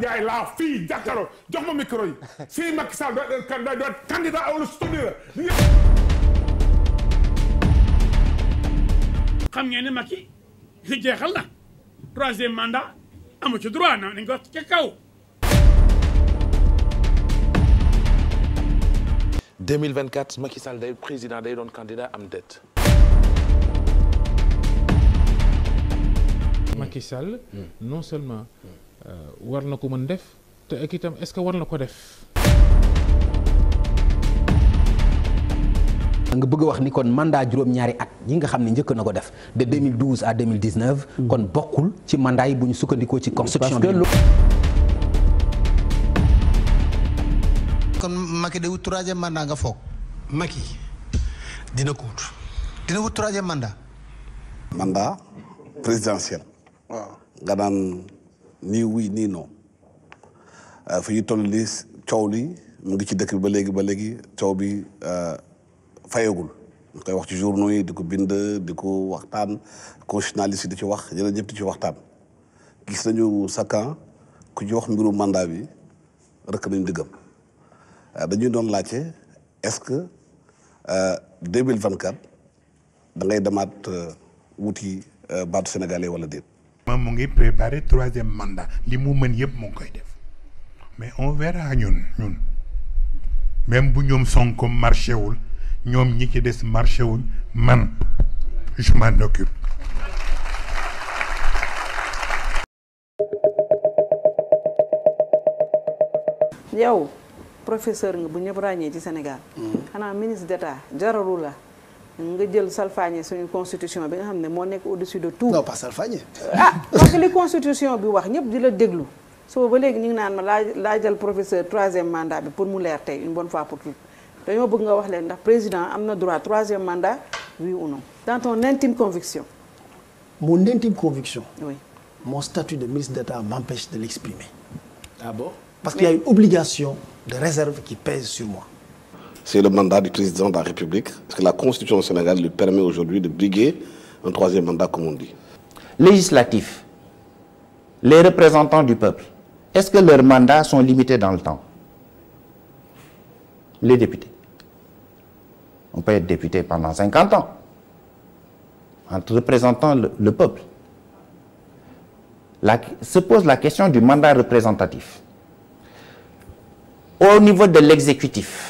Ndiaye laa fii jàkkaaroo jox ma micro yi fii Macky Sall doot doot candidat awlu studi la xam ngeen ne Macky jeexal na troisième mandat amu ci droit na nañ ko ca kaw 2024 Macky Sall day président day doon candidat am déet Macky Sall hmm. non seulement Euh, war na ko mën def te ak itam est-ce que war na ko def. nga bëgg wax ni kon mandat juróom-ñaari at yi nga xam ne njëkk na ko def de 2012 à 2019. Mm. kon bokkul ci mandat yi bu ñu sukkandikoo ci constitution bi. kon Macky de wut troisième nga foog. Macky dina ko wut. dina wut troisième mandat. mandat nii oui nii non euh, fi ñu toll nii coow li mu ngi ci dëkk bi ba léegi ba léegi coow bi euh, fayagul ñu koy wax ci journaux yi di ko bind di ko waxtaan constitutionnaliste yi di ci wax jël ñëpp ci waxtaan gis nañu sakkan ku ci wax mbiru mandat bi rëkk nañu diggam euh, dañuy doon laajte est-ce que deux mille vingt-quatre da ngay demaat wuti baatu sénégalais wala déet ma mu ngi préparer troisième mandat li mu mën yëpp mu koy def mais on verra ñun ñun même bu ñoom Sonko marché wul ñoom ñi ci des marché wul man je occupe yow professeur nga bu ñëpp ràññee ci Sénégal mm. xanaa ministre d'état jaralu la nga jël salfaañe suñu constitution bi nga xam ne moo nekk au-dessus de tout. non pas salfaañe. ah parce que li constitution bi wax ñëpp di la déglu soo ba léegi ñu ngi naan ma laaj laajal professeur troisième mandat bi pour mu leer tey une bonne fois pour toutes dañoo bëgg nga wax leen ndax président am na droit troisième mandat oui ou non. dans ton intime conviction. mon intime conviction. oui statut de ministre d'État m'empêche de l'exprimer. ah bon? parce qu'il y a obligation de réserve qui c'est le mandat du président de la République, parce que la constitution sénégalaise lui permet aujourd'hui de briguer un troisième mandat, comme on dit. Législatif, les représentants du peuple, est-ce que leurs mandats sont limités dans le temps Les députés. On peut être député pendant 50 ans, en représentant le, le peuple. La, se pose la question du mandat représentatif. Au niveau de l'exécutif,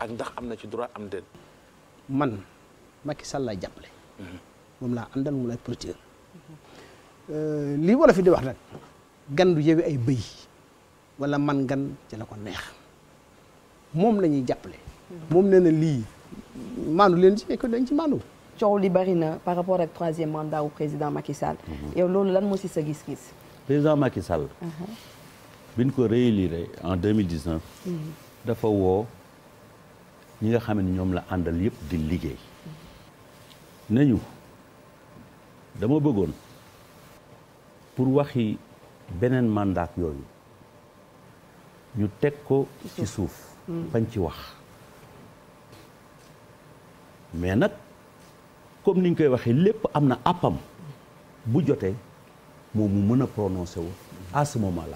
ak ndax am na ci droit am déet. man Macky Sall laay jàppale. moom laa àndal mu lay politique. Euh, li wolof yi di wax nag gan du yewi ay bëy wala man gan ci la ko neex moom lañuy ñuy jàppale. moom nee na lii maandu leen ci ko dañ ci maandu. coow li bari na par rapport ak troisième mandat wu président Macky Sall. Mhm. yow loolu lan moo si sa gis-gis. président Macky Sall. Mhm. bi ñu ko en deux mille dix neuf. Mhm. dafa woo. ñi nga xam ne ñoom la àndal yëpp di liggéey nañu dama bëggoon pour waxi beneen mandat yooyu ñu teg ko ci suuf bañ ci wax mais nag comme niñ koy waxee lépp am na appam bu jotee moomu mën a prononcé wu à ce moment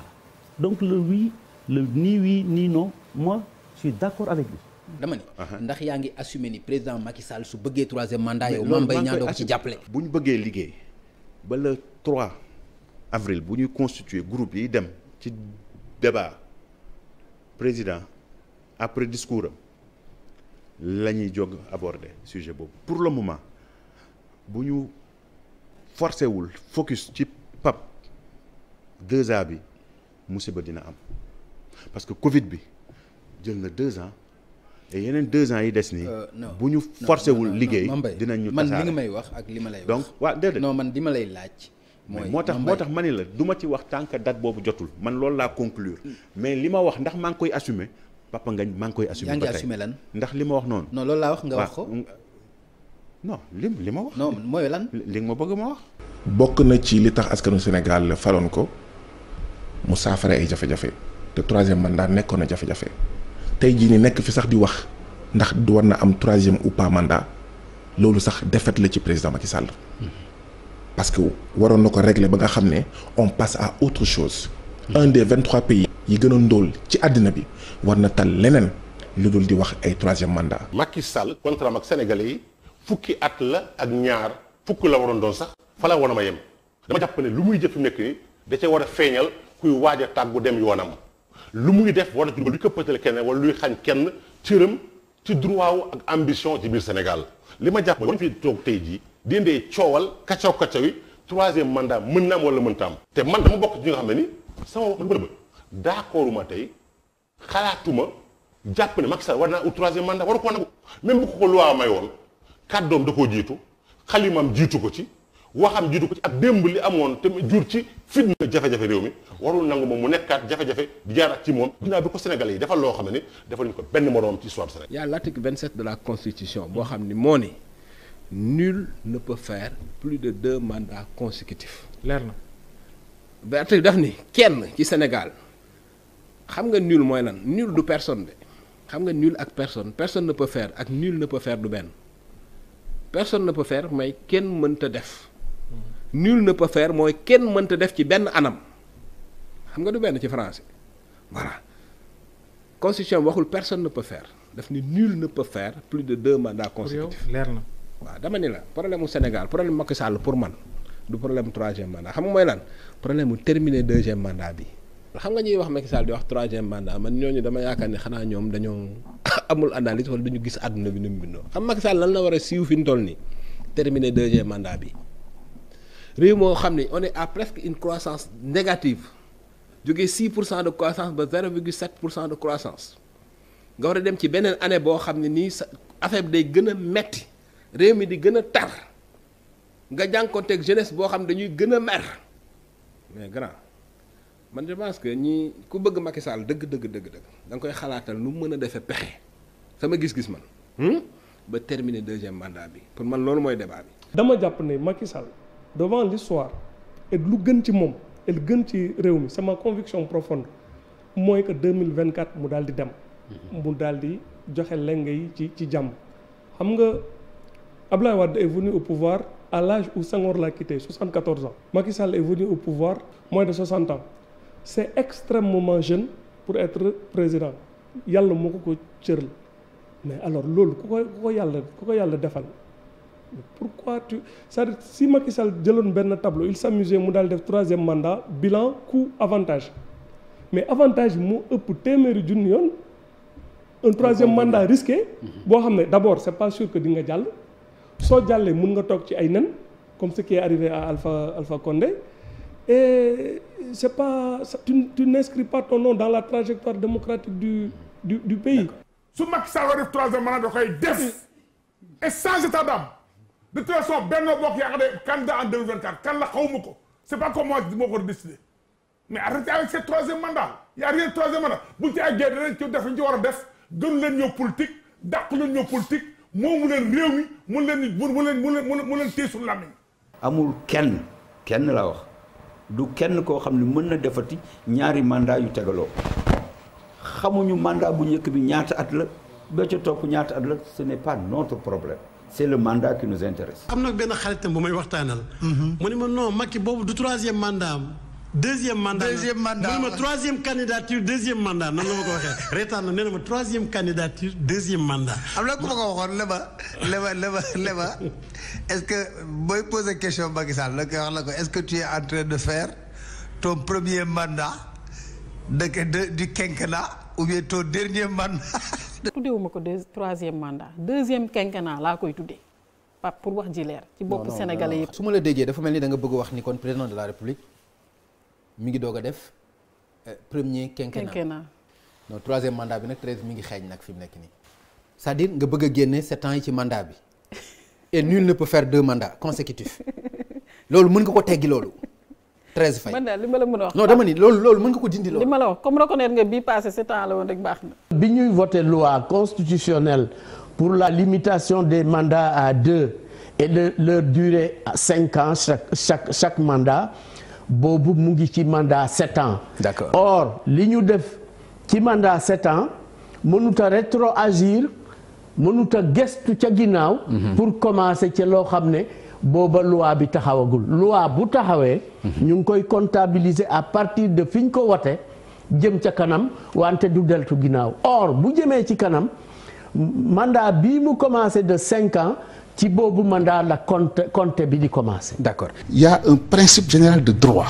donc le oui le ni oui ni non moi je suis d'accord avec lui dama ni uh-huh. ndax yaa ngi assumé ni président Macky Sall su bëggee troisième mandat yow Mame Mbaye ci jàppale bu ñu bëggee liggéey ba le avril bu ñuy constituer groupe yi dem ci débat président après discours am la ñuy jóg aborder sujet boobu pour le moment bu ñu forcé wul focus ci PAP 2A bi musiba dina am parce que Covid bi jël na deux ans te yeneen deux ans yi des nii. Euh, bu ñu forcé wul liggéey. dinañ ñu man mi ngi may wax ak li ma lay wax. donc waaw déedéet non man li ma lay laaj. mooy moo tax moo tax ma ne la duma ci wax tant que boobu jotul man loolu laa conclure. Mm. mais li ma wax ndax maa koy assumé papa nga maa ngi koy. assumer ba tey lan ndax li ma wax noonu. non laa wax nga wax ko non li li ma wax. non mooy lan li ma bëgg ma wax. bokk na ci li tax askanu Sénégal faloon ko mu saafara ay jafe-jafe te man mandat nekkoon a jafe-jafe. tey jii ni nekk fi sax di wax ndax du war na am troisième ou pas mandat loolu sax défaite la ci président Macky Sall. parce que waroon na ko régler ba nga xam ne on passe à autre chose. un des vingt trois pays yi gën a ci àddina bi war na tal leneen lu dul di wax ay troisième mandat. Macky Sall contrat am ak sénégalais yi fukki at la ak ñaar fukk la waroon doon sax fa war a ma yem dama jàpp ne lu muy jëf fi mu nekk nii da cee war a feeñal kuy waaj a tàggu dem yoonam. lu muy def war na ci dugal luy këppatale keneen wala luy xañ kenn cëram ci droit ak ambition ci biir Sénégal li ma jàpp mooy war fi toog tey jii dindee coowal kacaw kacaw yi troisième mandat mën na am wala mënta am te man dama bokk ci ñi nga xam ne ni sama wax lu ma d'accord ma tey xalaatuma jàpp ne Macky Sall war naa ut troisième mandat waru ko nangu même bu ko ko loi may woon kàddoom da koo jiitu xalimam jiitu ko ci waxam jiitu ko ci ak démb li amoon te jur ci fitna jafe-jafe réew mi warul nangu moom mu nekkaat jafe-jafe di jaar ak ci moom ginnaaw bi ko Sénégalais yi defal loo xam ne defaluñ ko benn moroom ci histoire Sénégal. y a l'article de la constitution boo xam ni moo ne nul ne peut faire plus de deux leer na ba article daf ni kenn ci Sénégal xam nga nul mooy lan nul du personne de xam nga nul ak personne personne ne peut ak nul ne peut faire du benn personne ne peut may mais kenn mënta def. nul ne peut faire mooy kenn mënta def ci benn anam xam nga du benn ci français voilà constitution bi waxul personne ne peut faire daf ni nul ne peut faire plus de deux mandats consécutifs leer na waaw dama ni la problème mu Sénégal problème Macky Sall pour man du problème troisième mandat xam nga mooy lan problème mu terminer deuxième mandat bi xam nga ñuy wax makk Sall di wax troisième mandat man ñooñu dama yaakaar ni xanaa ñoom dañoo amul analyse wala dañu gis àdduna bi ni mu bindoo xam Macky Sall lan war a siiw fi mu toll nii terminer deuxième mandat bi réew moo xam ne on est à presque une croissance négative jóge 6 pour cent de croissance ba 0,7 pour cent de croissance nga war a dem ci beneen année boo xam ne nii sa affaire day gën a metti réew mi di gën a tar nga jànkoonteeg jeunesse boo xam ne dañuy gën a mer mais grand man de pense que ñi ku bëgg Macky Sall dëgg dëgg dëgg dëgg da koy xalaatal nu mu mën a defee pexe sama gis-gis man hmm? ba terminer deuxième mandat bi pour man loolu mooy débat bi. dama jàpp ne Macky Sall. devant l'histoire et lu gën ci moom et lu gën ci réew mi sama conviction profonde mooy que 2024 mu daal di dem mm-hmm. mu daal di joxe lenge yi ci ci jàmm xam nga Abdoulaye Wade est venu au pouvoir à l'âge où Senghor l'a quitté 74 ans Macky Sall est venu au pouvoir moins de 60 ans c'est extrêmement jeune pour être président yàlla moo ko ko cëral mais alors loolu ku ko ku ko yàlla ku ko yàlla defal pourquoi tu cest à si Macky jëloon benn tableau il s'amusait mu daal def troisième mandat bilan coût avantage mais avantage moo ëpp téeméeri junni yoon un troisième mandat risqué mhm. boo xam ne d'abord c'est pas sûr que di nga jàll soo jàllee mun nga toog ci ay nen comme ce qui est arrivé à Alpha Alpha Condé et c'est pas tu tu n'inscris pas ton nom dans la trajectoire démocratique du du du pays. su Macky Sall def troisième mandat da koy def et sans état de toute façon Benno Bokk Yaakaar de candidat en 2024 kan la xawma ko c'est pas comme moi moo ko décidé mais arrêtez avec ce troisième mandat y a rien troisième mandat buñ ci àggee ci def ñu ci war a def gën leen ñoo politique dàq leen ñoo politique moomu leen réew mi mun leen mu mu leen mu leen téye suñu làmmiñ amul kenn kenn laa wax du kenn koo xam ni mën na defati ñaari mandat yu tegaloo xamuñu mandat bu njëkk bi ñaata at la ba ca topp ñaata at la ce n'est pas notre problème c'est le mandat qui nous intéresse. am na benn xaritam bu may waxtaanal. Mhm. mu ne ma non Macky boobu du troisième mandat am. deuxième mandat deuxième mandat ma troisième candidature deuxième mandat nan la ma ko waxee reetaan na nee ma troisième candidature deuxième mandat. am na ku ko waxoon leba leba leba leba est-ce que booy poser question Macky Sall la koy wax la ko est-ce que tu de faire ton premier mandat de du quinquennat ou bien ton dernier mandat. tuddewuma ko deux troisième mandat deuxième quinquennat laa koy tuddee Pape pour wax ji leer ci bopp sénégalais yëpp su ma la déggee dafa mel ni danga bëgg wax ni kon président de la république mi ngi doog a def euh, premier quinquennat quinquennat non troisième mandat bi nag treize mi ngi xeeñ nag fi mu nekk nii sa à dire nga bëgg a génne sept yi ci mandat bi et nul ne peut faire deux mandats consécutifs loolu mën nga ko teggi loolu Thérèse Faye man daal li ma la mën a wax. non ni loolu loolu mën nga ko dindi loolu. li la wax comme reconnaître nga bii passé sept ans la woon rek baax na. bi ñuy voté loi constitutionnelle pour la limitation des mandats à deux et de leur durée à cinq ans chaque chaque chaque mandat boobu mu ngi ci mandat sept ans. or li ñu def ci mandat sept ans mënut a rétroagir mënut a gestu ca ginnaaw. Mhm. pour commencer ca loo xam ne. booba loi bi taxawagul loi bu taxawee. ñu ngi koy comptabiliser à partir de fiñ ko wote jëm ca kanam wante du deltu ginnaaw or bu jëmee ci kanam mandat bii mu commencé de cinq ci boobu mandaa la compte compte bi di commencé. d'accord il y a un principe général de droit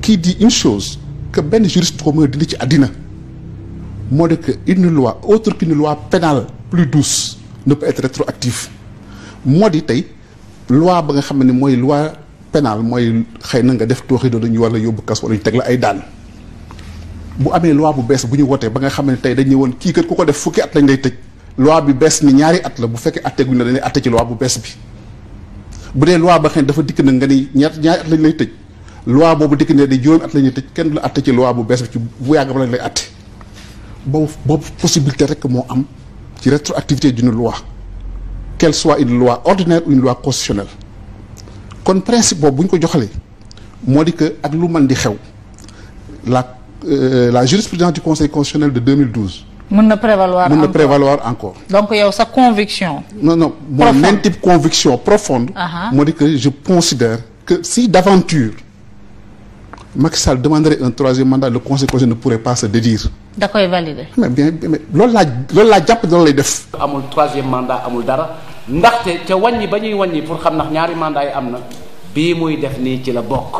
qui di une chose que benn juriste promoteur dina ci àddina moo de que une loi autre qu'une loi pénale plus douce ne peut être rétroactive moo di tey. loi ba nga xam ne mooy loi pénale mooy xëy na nga def tooxi doon ñu war la yóbbu kas wala ñu teg la ay daan bu amee loi bu bees bu ñu wotee ba nga xam ne tey dañu woon kii kat ku ko def fukki at lañ lay tëj loi bi bees ñaari at la bu fekkee attee guñ la dañuy atte ci loi bu bees bi bu dee loi ba xëy dafa dikk na nga ni ñaar ñaari at lañ lay tëj loi boobu dikk ne di juróomi at la ñuy tëj kenn du la atte ci loi bu bees bi ci bu yàgg ba lañ lay atte boobu boobu possibilité rek moo am ci rétroactivité d'une loi qu'elle soit une loi ordinaire ou une loi constitutionnelle kon principe bu ñu ko joxalee moo di que ak lu man di xew la euh, la jurisprudence du conseil constitutionnel de 2012. mën na prévaloir mën na prévaloir encore. donc yow sa conviction. non non mon même type conviction profonde. Ah ah. moo di que je considère que si d'aventure Macky Sall demanderait un troisième mandat le conseil constitutionnel ne pourrait pas se dédire. da koy valider. mais bien laa loolu laa jàpp loolu lay def. amul troisième mandat amul dara. ndaxte ca wañ bi ba ñuy wañ wàññi pour xam ndax ñaari mandat yi am na bii muy def nii ci la bokk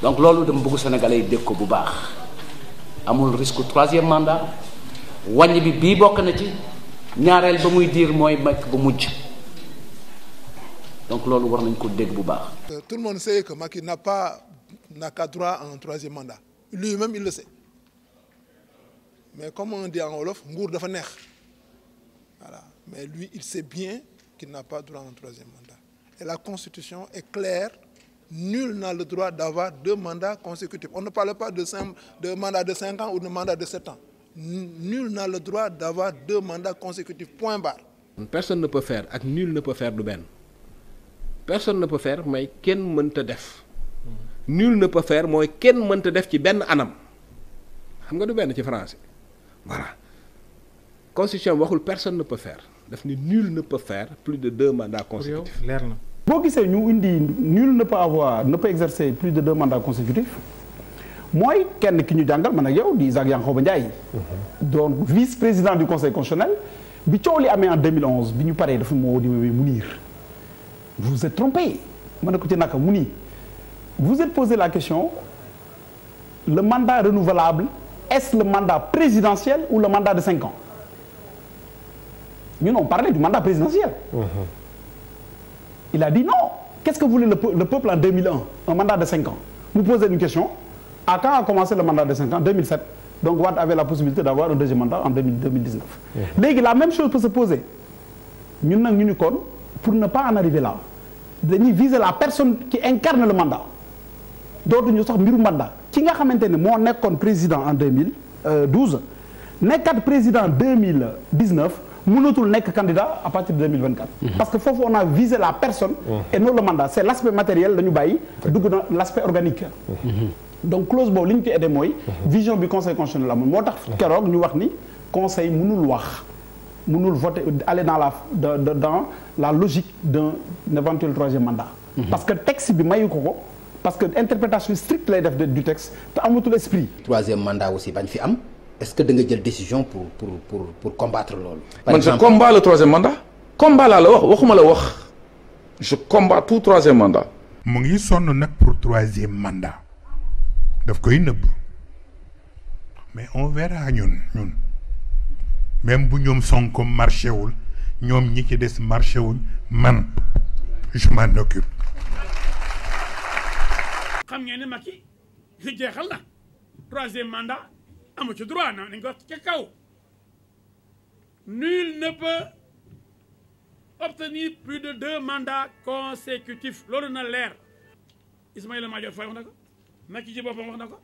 donc loolu dama bëgg sénégalais yi dégg ko bu baax amul risque troisième mandat wàññi bi bii bokk na ci ñaareel ba muy diir mooy mekk bu mujj donc loolu war nañ ko dégg bu baax. Euh, tout le monde sait que Macky n'a pas n'a qu'à droit à un troisième mandat il le mais comme on dit en wolof nguur dafa neex. Mais lui, il sait bien qu'il n'a pas droit à troisième mandat. Et la Constitution est claire. Nul n'a le droit d'avoir deux mandats consécutifs. On ne parle pas de, cinq, de mandat de 5 ans ou de mandat de 7 ans. Nul n'a le droit d'avoir deux mandats consécutifs. Point barre. Personne ne peut faire, et nul ne peut faire de ben. Personne ne peut faire, mais mënta def. Nul ne peut mooy kenn ken mënta def ci benn anam. Xam nga du benn ci français. Voilà. Constitution personne ne daf ni nul ne peut faire plus de deux mandats consécutifs leer na boo gisee ñu indi nul ne peut avoir ne peut exercer plus de deux mandats consécutifs mooy kenn ki ñu jàngal man ak yow di Isaac ba Ndiaye mhm. donc vice président du conseil constitutionnel bi coow li amee en bi ñu paree dafa moo di mu Mounir vous êtes trompé ma ne ko ci naka mu nii vous êtes posé la question le mandat renouvelable est-ce le mandat présidentiel ou le mandat de cinq ñun on parlait du mandat présidentiel. Mm-hmm. il a dit non qu'est-ce que voulait le le peuple en 2001 un mandat de cinq ans vous posez une question à quand a commencé le mandat de cinq ans 2007 donc Wade avait la possibilité d'avoir un deuxième mandat en 2019. Mm-hmm. la même chose peut se poser ñun nag ñu ni kon pour ne pas en arriver là dañuy viser la personne qui incarne le mandat dootuñu sax mbiru mandat ki nga xamante ne moo nekkoon président en 2012 euh, nekkat président 2019 mënatul nekk candidat à partir de 2024 mhm. parce que foofu on a visé la personne et non le mandat c'est l'aspect matériel la bàyyi dugg na l'aspect organique mhm. donc clause boobu li ñu ko aidé mooy mhm. vision bi conseil la moon moo tax keroog ñu wax ni conseil munul wax mënul voter aller dans la dans la logique d'un éventuel troisième mandat parce que texte bi mayu ko ko parce que interprétation stricte lay def du texte te amatul esprit troisième mandat aussi bañ fi am est-ce que da nga jël décision pour pour pour pour combattre loolu. par exemple man je combat le mandat. wax waxuma la wax je combat pour troisième mu ngi sonn nag pour troisième mandat daf koy nëbb mais on verra ñun ñun même bu ñoom Sonko marché wul ñoom ñi ci des marché wul man je m'en amu ci droit na nañ ko ca kaw nul ne peut obtenir plus de deux mandats consécutifs loolu na leer Ismaïla Madior Faye wax na ko Macky ci boppam wax na ko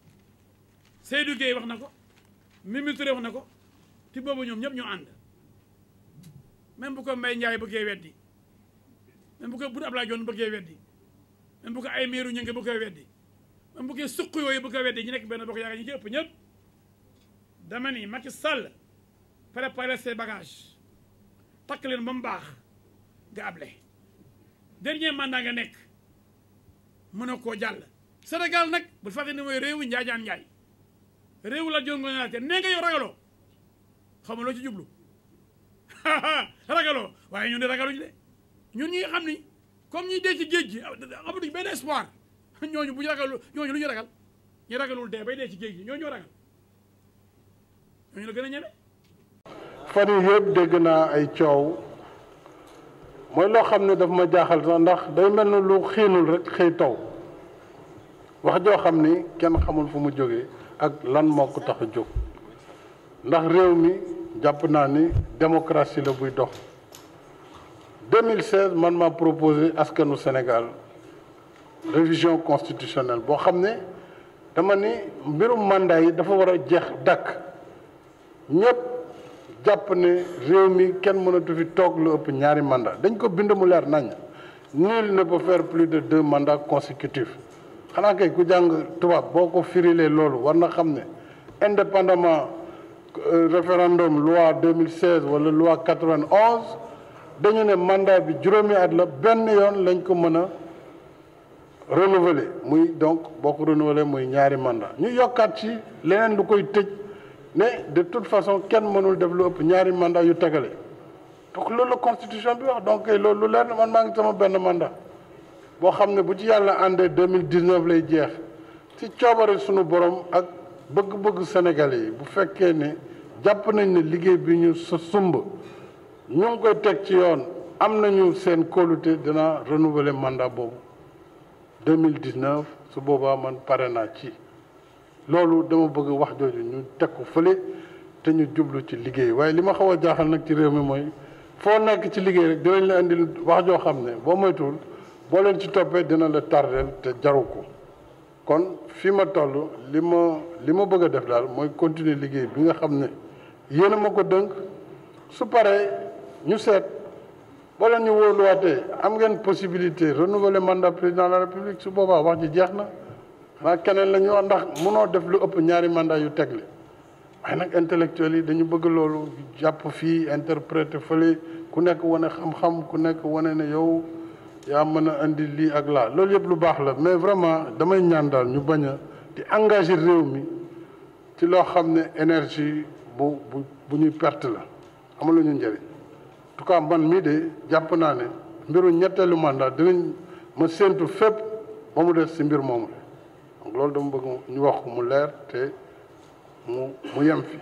Seydou Gueye wax na ko Mimi Touré wax na ko ti boobu ñoom ñëpp ñoo ànd même bu ko Mbaye Ndiaye bëggee weddi même bu ko Boun Abdallah Dionne bëggee weddi même bu ko ay miiru ñu ngi bëggee weddi même bu ko suq yooyu bëggee weddi ñu nekk benn bokk yaakaar ñu ci ëpp ñëpp dama ni Macky sal préparer see bagages takk leen ba mu baax able able dernier mandat nga nekk mën a koo jàll Sénégal nag bul fàtte ne mooy réewu njaajaan njaay réewu la jongo naa te nee nga yow ragaloo xaw ma loo ci jublu ragaloo waaye ñun de ragaluñu de ñun ñi nga xam ni comme ñuy dee ci géej gi amatuñ benn espoir ñooñu bu ñu ragalu lu ñu ragal ñu ragalul dee ba dee ci géej gi ñooñu ñoo ragal ñu la gën fan yii dégg naa ay coow mooy loo xam ne daf ma jaaxal sax ndax day mel ne lu xiinul rek xëy taw wax joo xam ni kenn xamul fu mu jógee ak lan moo ko tax jóg ndax réew mi jàpp naa ni démocratie la buy dox. 2016 man maa proposé askanu Sénégal révision constitutionnelle boo xam ne dama ni mbirum mandat yi dafa war a jeex dàkk. ñëpp jàpp ne réew mi kenn mënatu fi toog lu ëpp ñaari mandat dañ ko bind mu leer nañ nul ne peut faire plus de deux mandats consécutifs xanaa kay ku jàng tubaab boo ko firilee loolu war na xam ne indépendamment euh, référendum mille 2016 wala loi 91 dañu ne mandat bi juróomi at la benn yoon lañ ko mën a renouveler muy donc boo ko renouveler muy ñaari mandat ñu yokkaat ci leneen lu koy tëj ne de toute façon kenn mënul def lu ëpp ñaari mandat yu tegale donc loolu la constitution bi wax donc loolu lu leer na man maa ngi sama benn mandat boo xam ne bu ci yàlla àndee deux mille dix-neuf lay jeex ci coobare suñu borom ak bëgg-bëgg sénégal yi bu fekkee ne jàpp nañ ne liggéey bi ñu sa sumb ñu ngi koy teg ci yoon am nañu seen kóolute dina renouveler mandat boobu deux mille dix-neuf su boobaa man pare naa ci. loolu dama bëgg wax jooju ñu teg ko fële te ñu jublu ci liggéey waaye li ma xaw a jaaxal nag ci réew mi mooy foo nekk ci liggéey rek dinañ la indil wax joo xam ne boo moytuwul boo leen ci toppee dina la tardeel te jaru ko kon fi ma toll li ma li ma bëgg a def daal mooy continuer liggéey bi nga xam ne yéen a ma ko dënk su paree ñu seet boo leen ñu wóoluwaatee am ngeen possibilité renouveler mandat président de la république su boobaa wax ji jeex na waaye keneen la ñu wax ndax mënoo def lu ëpp ñaari mandat yu tegle waaye nag intellectuel yi dañu bëgg loolu jàpp fii interpréter fële ku nekk wane xam-xam ku nekk wane ne yow yaa mën a indi lii ak laa loolu yëpp lu baax la mais vraiment damay ñaan daal ñu bañ a di engagé réew mi ci loo xam ne énergie bu bu bu ñuy perte la amalu ñu njëriñ en tout cas man mii de jàpp naa ne mbiru ñetteelu mandat dinañ ma séentu fépp ba mu des si mbir moomu. loolu dama bëgg ñu wax ko mu leer te mu mu yem fi